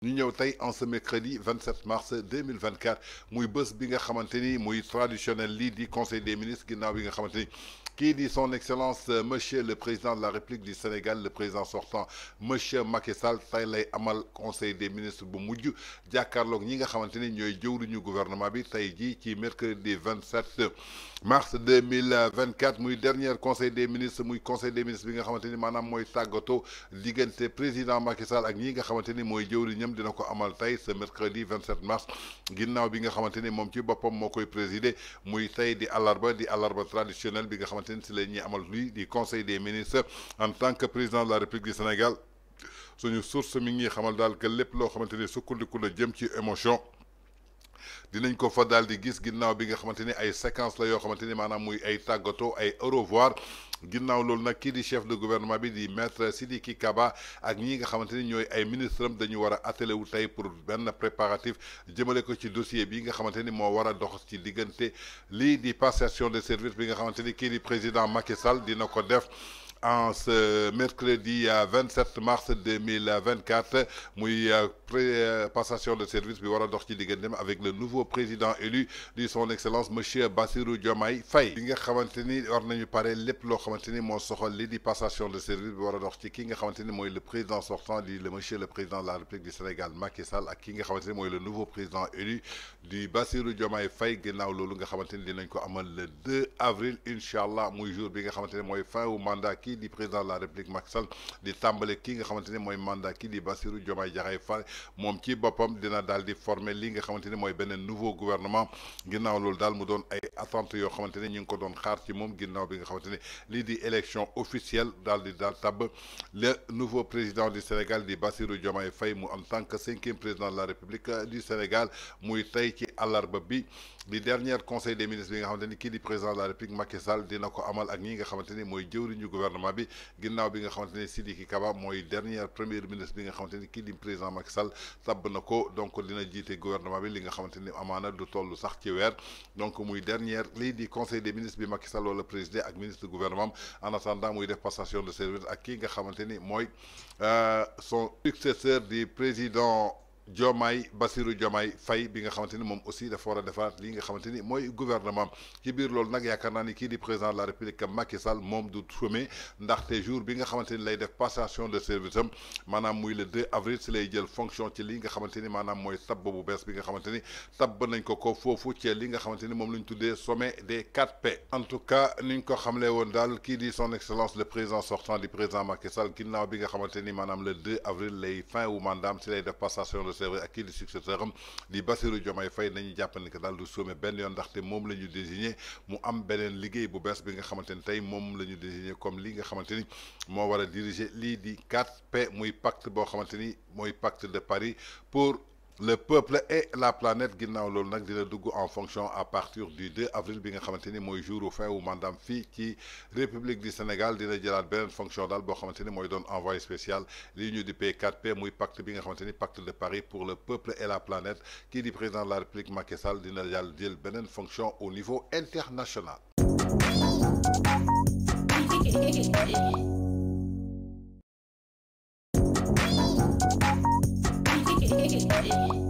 Nous ñëw tey en ce mercredi 27 mars 2024 muy bés bi nga xamante ni muy traditionnel lii di conseil des ministres ginnaaw bi nga xamante qui dit son excellence euh, monsieur le président de la république du Sénégal le président sortant monsieur Macky Sall tey amal conseil des ministres Boumoudjou, mujj jàkkaarloog ñi nga du gouvernement bi tey mercredi 27 mars 2024 muy dernier conseil des ministres muy conseil des ministres bi nga Goto, ni Tagoto, président Macky Sall ak ñi nga xamante amal Taï, ce mercredi 27 mars ginnaaw bi nga xamante ni ci boppam moo koy présider muy traditionnel bi xamante ni si la amal luy di conseil des ministres en tant que président de la république du Sénégal suñu source mi ngi xamal daal que lépp loo xamante ni sukkandiku la jëm ci émotion dinañ ko fa daal di gis ginnaaw bi nga xamante ni ay séquence la yoo xamante ni maanaam muy ay tàggatoo ay au revoir ginnaaw loolu nag kii di chef de gouvernement bi di maître Sidiki Kaba ak ñi nga xamante ni ñooy ay ministre am dañu war a wu tey pour benn préparatif jëmale ko ci dossier bi nga xamante ni moo war a dox ci diggante lii di passation de service bi nga xamante ni président Macky Sall dina ko def en ce mercredi 27 mars 2024 muy euh, euh, passation de service bi avec le nouveau président élu de son excellence monsieur Bassirou Diomaye Faye. li nga xamante ni war nañu pare passation de service bi est dox ci ki le président sortant di le monsieur le président de la République du Sénégal Macky Sall ak ki le nouveau président élu du Bassirou Diomaye Faye ginnaaw loolu nga xamante dinañ le 2 avril Inch'Allah, allah jour bi nga xamante ni mandat du président de la république Macky Sall di tàmbale kii nga xamante moy mandat kii di Bassirou Diomaye Diakhar Faye mom ci bopam dina dal di former li nga xamante moy benen nouveau gouvernement ginnaw lool dal mu don ay attentes yo xamante ñing ko don xaar ci mom ginnaw bi nga li di élection officielle dal di daal tab le nouveau président du Sénégal di Bassirou Diomaye Faye mu en tant que cinquième président de la république du Sénégal muy tay ci alarba bi li dernier conseil des ministres bi nga xamante ki président de la république Macky Sall dina ko amal ak ñi nga xamante moy jëwriñu gouvernement gouvernement bi bi nga xamanteni Sidiki Kaba moy premier ministre bi nga xamanteni président Macky Sall donc dina jité gouvernement bi li nga xamanteni du tollu sax ci donc moy dernière l'idée di conseil des ministres bi Macky Sall wala président ak ministre gouvernement en attendant moy def passation de service ak qui nga xamanteni moy euh, son successeur du président. Diomaye Bassirou Diomaye Faye bi nga xamanteni mom aussi dafa war a defaat li nga xamanteni moy gouvernement ci bir loolu nak yakarna ni ki di président de la république Macky Sall mom du ndax té jour bi nga xamanteni lay def passation de service manam maanaam muy le 2 avril ci lay jël fonction ci li nga xamanteni manam moy sabbu tabb bu bees bi nga xamanteni ni nañ ko ko fofu ci li nga xamanteni mom lañ sommet des 4P en tout cas niñ ko xamlé won dal ki di son excellence le président sortant di président Macky Sall ginnaaw bi nga xamanteni manam le 2 avril lay fin ou mandaam si lay def passation adversaire ak kii di successeur am di Bassirou Diomaye Faye nañu jàpp ne que daal du sommet ben yoon ndaxte moom la ñu désigné mu am beneen liggéey bu bees bi nga xamante ni tey moom la désigné comme li nga xamante ni moo war a diriger lii di 4P muy pacte boo xamante ni mooy pacte de Paris pour le peuple et la planète qui loolu nak dina en fonction à partir du 2 avril bi nga xamanteni moy jour fin wu mandam Fi ci république du Sénégal dina jëlaat benen fonction dal bo xamanteni moy don envoyé spécial li ñu di P4P qui pacte bi nga pacte de Paris pour le peuple et la planète qui représente président de la république Macky Sall dina jël fonction au niveau international. Thank you.